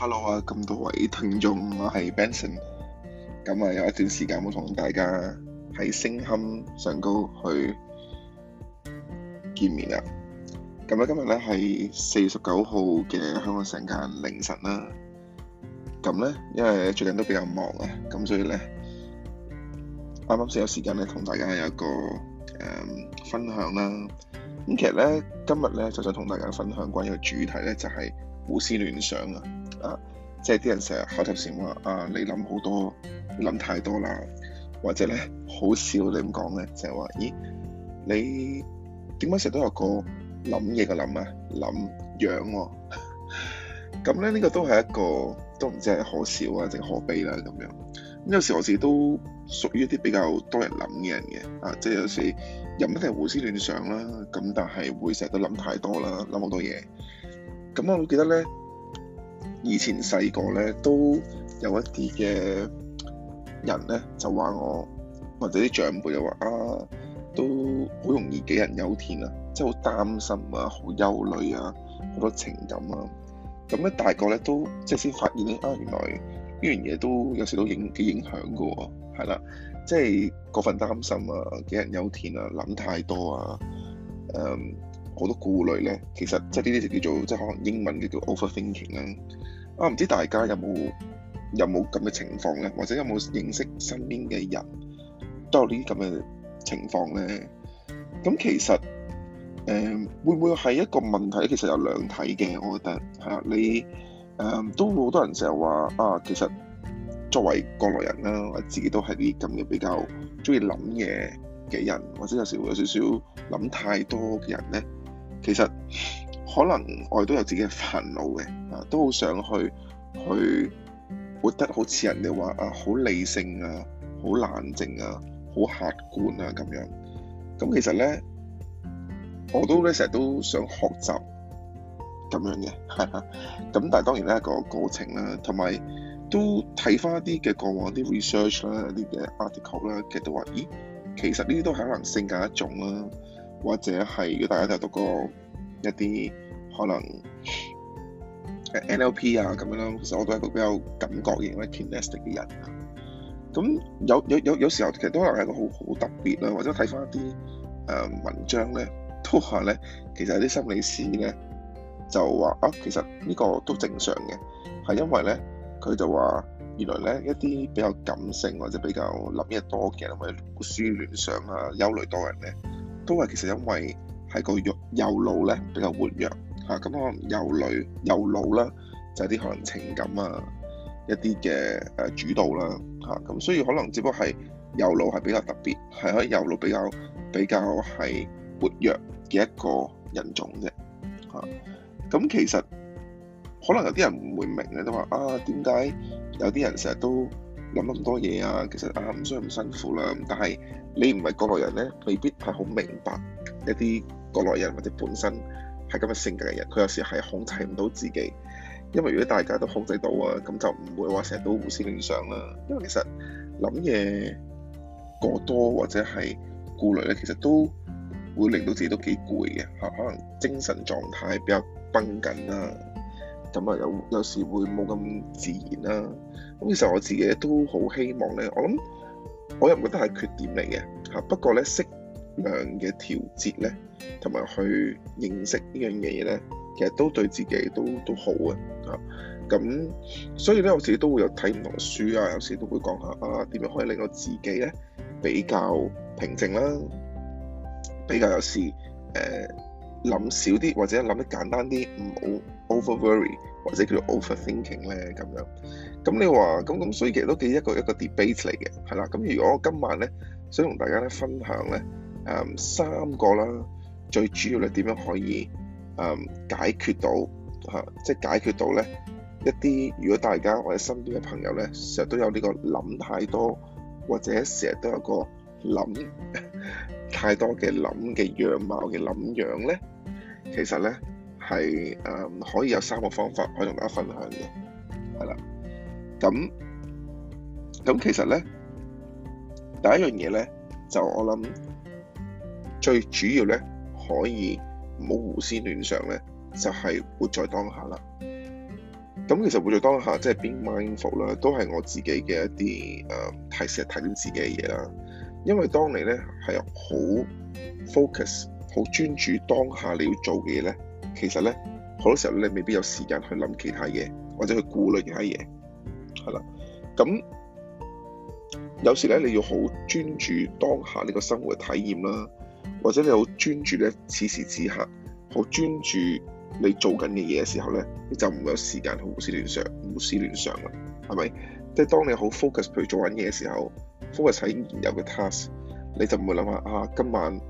hello 啊！咁多位聽眾，我係 Benson。咁啊，有一段時間冇同大家喺聲音上高去見面啦。咁咧，今日咧係四月十九號嘅香港時間凌晨啦。咁咧，因為最近都比較忙啊，咁所以咧啱啱先有時間咧，同大家有一個誒、嗯、分享啦。咁其實咧，今日咧就想同大家分享關於一個主題咧，就係、是、胡思亂想啊。啊，即係啲人成日口頭禪話啊，你諗好多，諗太多啦，或者咧好少你咁講咧，就係、是、話咦，你點解成日都有個諗嘢嘅諗啊，諗 樣咁咧？呢、這個都係一個都唔知係可笑啊，定可悲啦咁樣。咁有時我自己都屬於一啲比較多人諗嘅人嘅啊，即係有時人一定胡思亂想啦，咁但係會成日都諗太多啦，諗好多嘢。咁我記得咧。以前細個咧都有一啲嘅人咧就話我，或者啲長輩又話啊，都好容易杞人憂天啊，即係好擔心啊，好憂慮啊，好多情感啊。咁咧大個咧都即係先發現咧，啊原來呢樣嘢都有少少影嘅影響嘅喎、啊，係啦，即係過分擔心啊，杞人憂天啊，諗太多啊，誒好多顧慮咧，其實即係呢啲就叫做即係可能英文叫做 overthinking 啦、啊。我唔知大家有冇有冇咁嘅情況咧，或者有冇認識身邊嘅人都有啲咁嘅情況咧？咁其實誒會唔會係一個問題？其實有兩體嘅，我覺得係啦。你誒都好多人成日話啊，其實作為國內人啦，或者自己都係啲咁嘅比較中意諗嘢嘅人，或者有時會有少少諗太多嘅人咧。其實～可能我哋都有自己嘅煩惱嘅，啊都好想去去活得好似人哋話啊，好理性啊，好冷靜啊，好客觀啊咁樣。咁其實咧，我都咧成日都想學習咁樣嘅，係啦。咁但係當然咧、嗰個過程啦，同埋都睇翻一啲嘅過往啲 research 啦、一啲嘅 article 啦，其實都話咦，其實呢啲都係可能性格一種啦、啊，或者係如果大家睇到嗰、嗰個。一啲可能誒 NLP 啊咁樣咯，其實我都係一個比較感覺型嘅 tenacity 嘅人啊。咁有有有有時候其實都可能係個好好特別啦，或者睇翻一啲誒、呃、文章咧，都話咧，其實有啲心理師咧就話啊，其實呢個都正常嘅，係因為咧佢就話原來咧一啲比較感性或者比較諗嘢多嘅人，或者胡思亂想啊、憂慮多人咧，都係其實因為。係個右右腦咧比較活躍嚇，咁可能右類右腦啦，就係啲可能情感啊一啲嘅誒主導啦嚇，咁所以可能只不過係右腦係比較特別，係可以右腦比較比較係活躍嘅一個人種啫嚇，咁其實可能有啲人唔會明嘅都話啊，點解有啲人成日都諗咁多嘢啊，其實啊唔需要咁辛苦啦，但係你唔係嗰個人咧，未必係好明白一啲。國內人或者本身係咁嘅性格嘅人，佢有時係控制唔到自己，因為如果大家都控制到啊，咁就唔會話成日都胡思亂想啦。因為其實諗嘢過多或者係顧慮咧，其實都會令到自己都幾攰嘅嚇，可能精神狀態比較繃緊啦。咁啊有有時會冇咁自然啦。咁其實我自己都好希望咧，我諗我又唔覺得係缺點嚟嘅嚇，不過咧識樣嘅調節咧，同埋去認識呢樣嘅嘢咧，其實都對自己都都好啊。咁所以咧，有時都會有睇唔同嘅書啊，有時都會講下啊，點樣可以令我自己咧比較平靜啦，比較有時誒諗少啲，或者諗得簡單啲，唔好 over worry 或者叫做 over thinking 咧咁樣。咁你話咁咁，所以其實都幾一個一個 debate 嚟嘅係啦。咁如果我今晚咧想同大家咧分享咧。誒三個啦，最主要咧點樣可以誒解決到嚇，即係解決到咧一啲，如果大家或者身邊嘅朋友咧，成日都有呢個諗太多，或者成日都有個諗太多嘅諗嘅樣貌嘅諗樣咧，其實咧係誒可以有三個方法可以同大家分享嘅，係啦，咁咁其實咧第一樣嘢咧就我諗。最主要咧可以唔好胡思亂想咧，就係、是、活在當下啦。咁其實活在當下，即、就、係、是、being mindful 啦，都係我自己嘅一啲誒提示、提、呃、醒自己嘅嘢啦。因為當你咧係好 focus、好專注當下你要做嘅嘢咧，其實咧好多時候你未必有時間去諗其他嘢，或者去顧慮其他嘢。係啦，咁有時咧你要好專注當下呢個生活體驗啦。或者你好專注咧，此時此刻好專注你做緊嘅嘢嘅時候咧，你就唔會有時間胡思亂想、胡思亂想啦，係咪？即係當你好 focus，譬如做緊嘢嘅時候，focus 喺 現有嘅 task，你就唔會諗下啊，今晚誒、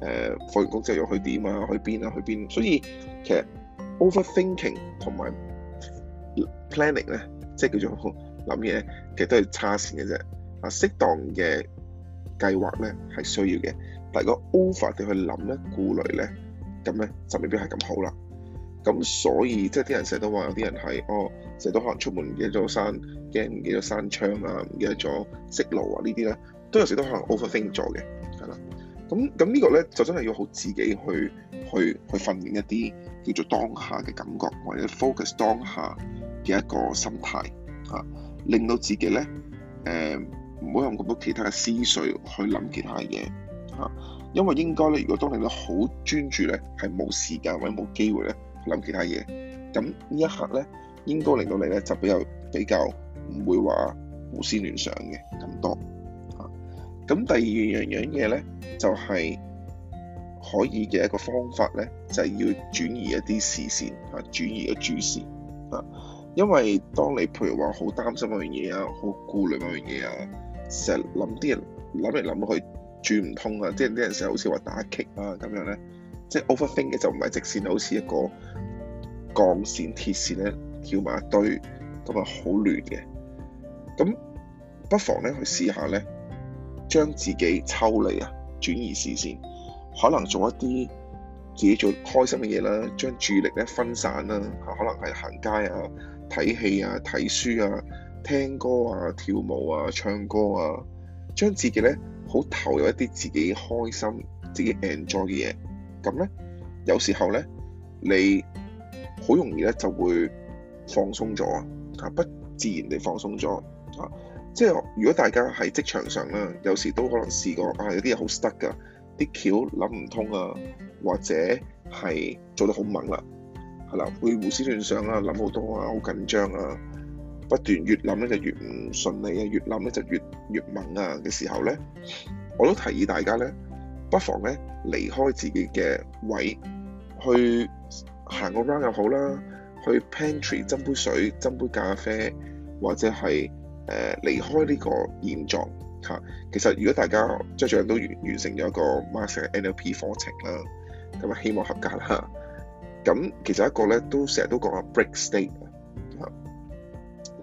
呃、放完工之後要去點啊，去邊啊，去邊。所以其實 overthinking 同埋 planning 咧，即係叫做諗嘢其實都係差線嘅啫。啊，適當嘅。計劃咧係需要嘅，但如果 over 嘅去諗咧，顧慮咧，咁咧就未必係咁好啦。咁所以即係啲人成日都話有啲人係，哦，成日都可能出門唔記得咗閂，驚唔記得咗閂窗啊，唔記得咗熄爐啊呢啲咧，都有時都可能 overthink 咗嘅，係啦。咁咁呢個咧就真係要靠自己去去去訓練一啲叫做當下嘅感覺，或者 focus 當下嘅一個心態啊，令到自己咧誒。嗯唔好用咁多其他嘅思緒去諗其他嘢嚇，因為應該咧，如果當你咧好專注咧，係冇時間或者冇機會咧諗其他嘢，咁呢一刻咧應該令到你咧就比較比較唔會話胡思亂想嘅咁多嚇。咁第二樣樣嘢咧就係、是、可以嘅一個方法咧，就係、是、要轉移一啲視線嚇，轉移嘅注視嚇，因為當你譬如話好擔心某樣嘢啊，好顧慮某樣嘢啊。成日諗啲人，諗嚟諗去轉唔通啊！即係啲人成日好似話打劇啊咁樣咧，即係 overthink 嘅就唔係直線，好似一個鋼線鐵線咧跳埋一堆，咁啊好亂嘅。咁不妨咧去試下咧，將自己抽離啊，轉移視線，可能做一啲自己做開心嘅嘢啦，將注意力咧分散啦，可能係行街啊、睇戲啊、睇書啊。聽歌啊、跳舞啊、唱歌啊，將自己呢好投入一啲自己開心、自己 enjoy 嘅嘢，咁呢，有時候呢，你好容易呢就會放鬆咗啊，不自然地放鬆咗啊。即係如果大家喺職場上啦，有時都可能試過啊，有啲嘢好 stuck 㗎，啲橋諗唔通啊，或者係做得好猛啦，係啦，會胡思亂想啊，諗好多啊，好緊張啊。不斷越諗咧就越唔順利啊，越諗咧就越越猛啊嘅時候呢，我都提議大家呢，不妨呢離開自己嘅位，去行個 round 又好啦，去 pantry 斟杯水、斟杯咖啡，或者係誒、呃、離開呢個現狀嚇。其實如果大家即係最近都完完成咗一個 master NLP 課程啦，咁啊希望合格啦。咁其實一個呢，都成日都講啊 break state。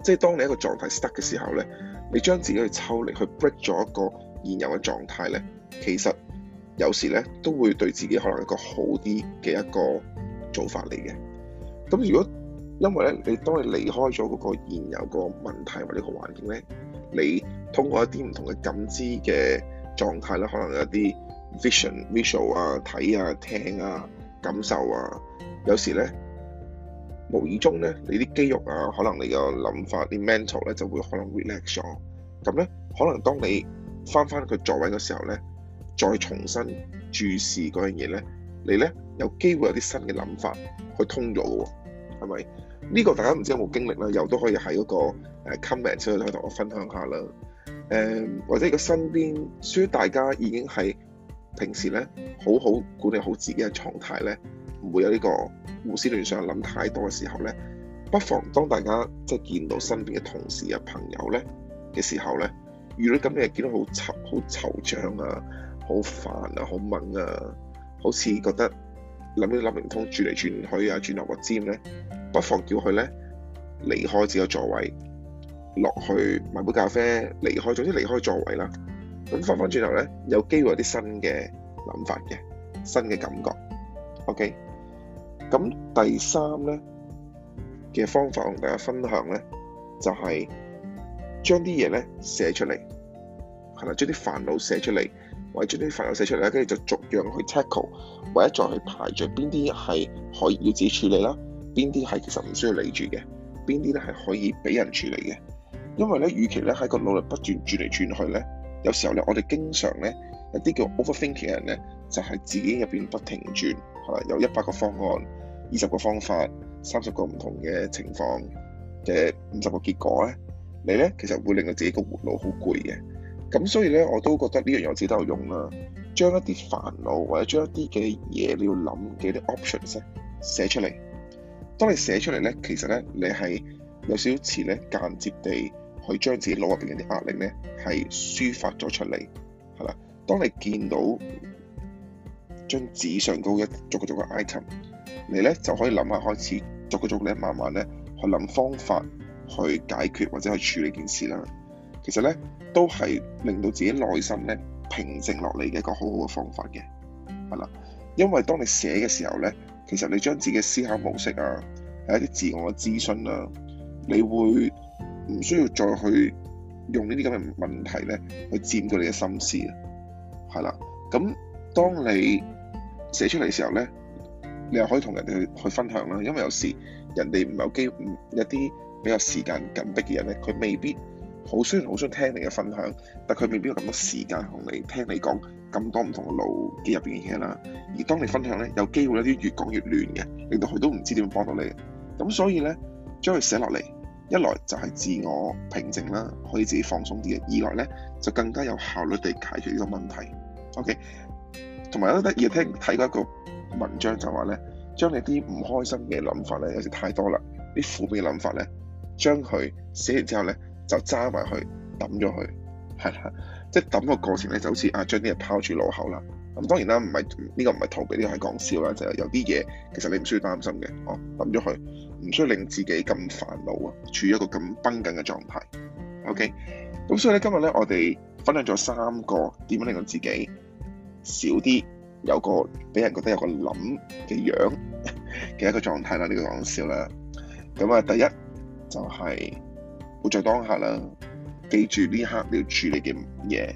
即係當你一個狀態 stuck 嘅時候呢，你將自己去抽離，去 break 咗一個現有嘅狀態呢，其實有時呢都會對自己可能一個好啲嘅一個做法嚟嘅。咁如果因為呢，你當你離開咗嗰個現有個問題或者個環境呢，你通過一啲唔同嘅感知嘅狀態呢，可能有啲 vision、visual 啊、睇啊、聽啊、感受啊，有時呢。無意中咧，你啲肌肉啊，可能你個諗法、啲 mental 咧就會可能 relax 咗。咁咧，可能當你返返佢座位嘅時候咧，再重新注視嗰樣嘢咧，你咧有機會有啲新嘅諗法去通咗嘅喎，係咪？呢、呢個大家唔知有冇經歷啦，又都可以喺嗰個 comment 出去同我分享下啦。誒、呃，或者個身邊，雖然大家已經係平時咧好好管理好自己嘅狀態咧。唔會有呢個胡思亂想、諗太多嘅時候呢，不妨當大家即係、就是、見到身邊嘅同事啊、朋友呢嘅時候呢，遇到咁嘅見到好愁、好惆悵啊、好煩啊、好悶啊，好似覺得諗都諗唔通、轉嚟轉去啊、轉頭或尖呢，不妨叫佢呢離開自己嘅座位，落去買杯咖啡，離開，總之離開座位啦。咁翻返轉頭呢，有機會有啲新嘅諗法嘅，新嘅感覺。OK。咁第三咧嘅方法同大家分享咧，就係將啲嘢咧寫出嚟，係啦，將啲煩惱寫出嚟，或者將啲煩惱寫出嚟啦，跟住就逐樣去 tackle，或者再去排除邊啲係可以要自己處理啦，邊啲係其實唔需要理住嘅，邊啲咧係可以俾人處理嘅，因為咧，與其咧喺個腦裏不斷轉嚟轉去咧，有時候咧，我哋經常咧一啲叫 overthinking 嘅人咧，就係、是、自己入邊不停轉，係啦，有一百個方案。二十個方法，三十個唔同嘅情況嘅五十個結果咧，你咧其實會令到自己個活路好攰嘅。咁所以咧，我都覺得呢樣嘢我都有用啦。將一啲煩惱或者將一啲嘅嘢你要諗嘅啲 option 咧寫出嚟。當你寫出嚟咧，其實咧你係有少少詞咧間接地去將自己腦入邊嘅啲壓力咧係抒發咗出嚟，係啦。當你見到張紙上高一逐個逐個 item。你咧就可以諗下開始逐個逐個慢慢咧去諗方法去解決或者去處理件事啦。其實咧都係令到自己內心咧平靜落嚟嘅一個好好嘅方法嘅，係啦。因為當你寫嘅時候咧，其實你將自己嘅思考模式啊，係一啲自我諮詢啦、啊，你會唔需要再去用呢啲咁嘅問題咧去佔據你嘅心思啊。係啦，咁當你寫出嚟嘅時候咧。你又可以同人哋去去分享啦，因為有時人哋唔係有機會，一啲比較時間緊迫嘅人咧，佢未必好雖然好想聽你嘅分享，但佢未必有咁多時間同你聽你講咁多唔同嘅腦機入邊嘅嘢啦。而當你分享咧，有機會咧啲越講越亂嘅，令到佢都唔知點樣幫到你。咁所以咧，將佢寫落嚟，一來就係自我平靜啦，可以自己放鬆啲嘅；二來咧就更加有效率地解決呢個問題。OK，同埋有啲得意嘅聽睇過一個文章就話咧，將你啲唔開心嘅諗法咧，有時太多啦，啲負面嘅諗法咧，將佢寫完之後咧，就揸埋去抌咗佢，係啦，即係抌個過程咧，就好似啊將啲嘢拋住腦後啦。咁當然啦，唔係呢個唔係逃避，呢、這個係講笑啦，就係、是、有啲嘢其實你唔需要擔心嘅，哦抌咗佢，唔需要令自己咁煩惱啊，處於一個咁繃緊嘅狀態。OK，咁所以咧今日咧我哋分享咗三個點樣令到自己少啲。有個俾人覺得有個諗嘅樣嘅一個狀態啦，你個講笑啦。咁啊，第一就係、是、好在當下啦，記住呢刻你要處理嘅嘢，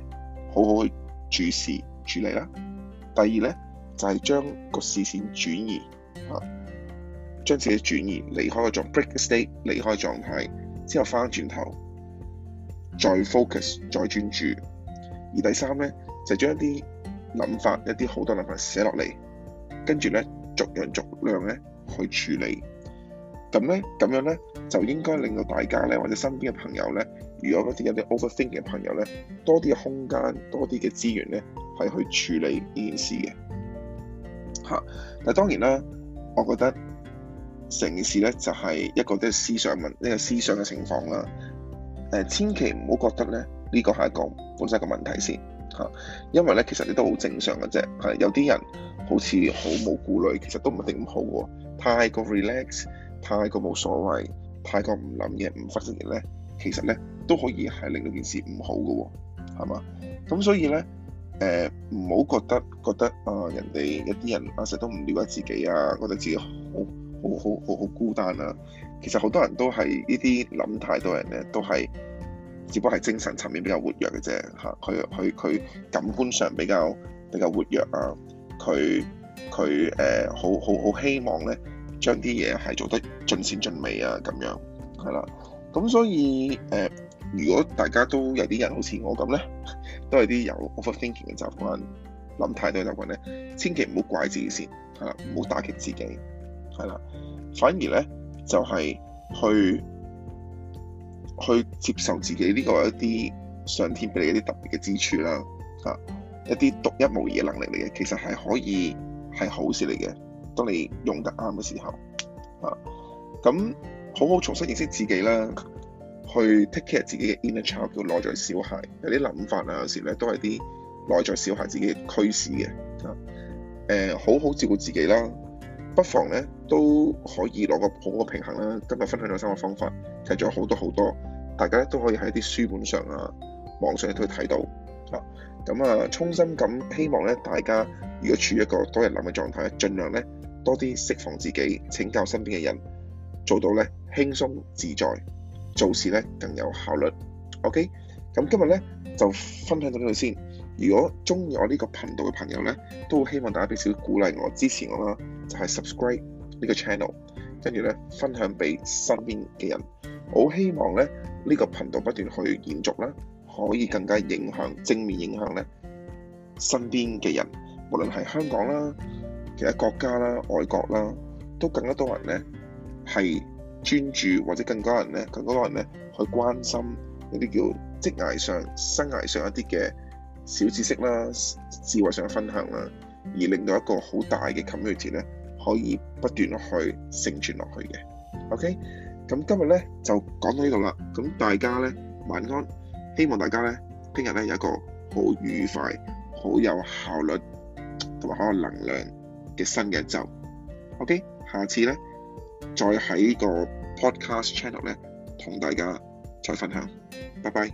好好去注視處理啦。第二咧就係、是、將個視線轉移，啊、將自己轉移離開個狀 break state，離開狀態之後翻翻轉頭再 focus 再專注。而第三咧就係、將一啲。諗法一啲好多諗法寫落嚟，跟住咧逐樣逐量咧去處理，咁咧咁樣咧就應該令到大家咧或者身邊嘅朋友咧，如果有啲有啲 overthink 嘅朋友咧，多啲嘅空間、多啲嘅資源咧係去處理呢件事嘅。嚇！但係當然啦，我覺得成件事咧就係一個即係思想問，呢個思想嘅情況啦。誒，千祈唔好覺得咧呢個係一個本身嘅問題先。嚇，因為咧，其實你都好正常嘅啫。係有啲人好似好冇顧慮，其實都唔一定唔好喎。太過 relax，太過冇所謂，太過唔諗嘢唔分生嘢咧發生，其實咧都可以係令到件事唔好嘅喎。係嘛？咁所以咧，誒唔好覺得覺得啊、呃，人哋一啲人阿石都唔了解自己啊，覺得自己好好好好好孤單啊。其實好多人都係呢啲諗太多人咧，都係。只不過係精神層面比較活躍嘅啫，嚇佢佢佢感官上比較比較活躍啊，佢佢誒好好好希望咧，將啲嘢係做得盡善盡美啊，咁樣係啦，咁所以誒、呃，如果大家都有啲人好似我咁咧，都係啲有 overthinking 嘅習慣，諗太多習慣咧，千祈唔好怪自己先，係啦，唔好打擊自己，係啦，反而咧就係、是、去。去接受自己呢個一啲上天俾你一啲特別嘅支柱啦，啊，一啲獨一無二嘅能力嚟嘅，其實係可以係好事嚟嘅，當你用得啱嘅時候，啊，咁好好重新認識自己啦，去 take care 自己嘅 inner child，叫內在小孩，有啲諗法啊，有時咧都係啲內在小孩自己嘅驅使嘅，啊，誒，好好照顧自己啦。不妨咧都可以攞個好嘅平衡啦。今日分享咗三個方法，其實仲有好多好多，大家都可以喺啲書本上啊、網上都可以睇到啊。咁啊，衷心咁希望咧，大家如果處於一個多日諗嘅狀態，盡量咧多啲釋放自己，請教身邊嘅人，做到咧輕鬆自在，做事咧更有效率。OK，咁今日咧就分享到呢度先。如果中意我呢個頻道嘅朋友呢，都希望大家俾少少鼓勵我支持我啦，就係 subscribe 呢個 channel，跟住呢分享俾身邊嘅人。我好希望咧呢個頻道不斷去延續啦，可以更加影響正面影響呢身邊嘅人，無論係香港啦，其他國家啦，外國啦，都更加多人呢係專注或者更加、更加多人呢更加多人咧去關心一啲叫職涯上，生涯上一啲嘅。小知識啦，智慧上嘅分享啦，而令到一個好大嘅 community 咧，可以不斷去承傳落去嘅。OK，咁今日咧就講到呢度啦。咁大家咧晚安，希望大家咧聽日咧有一個好愉快、好有效率同埋好有能量嘅新嘅一週。OK，下次咧再喺個 podcast channel 咧同大家再分享。拜拜。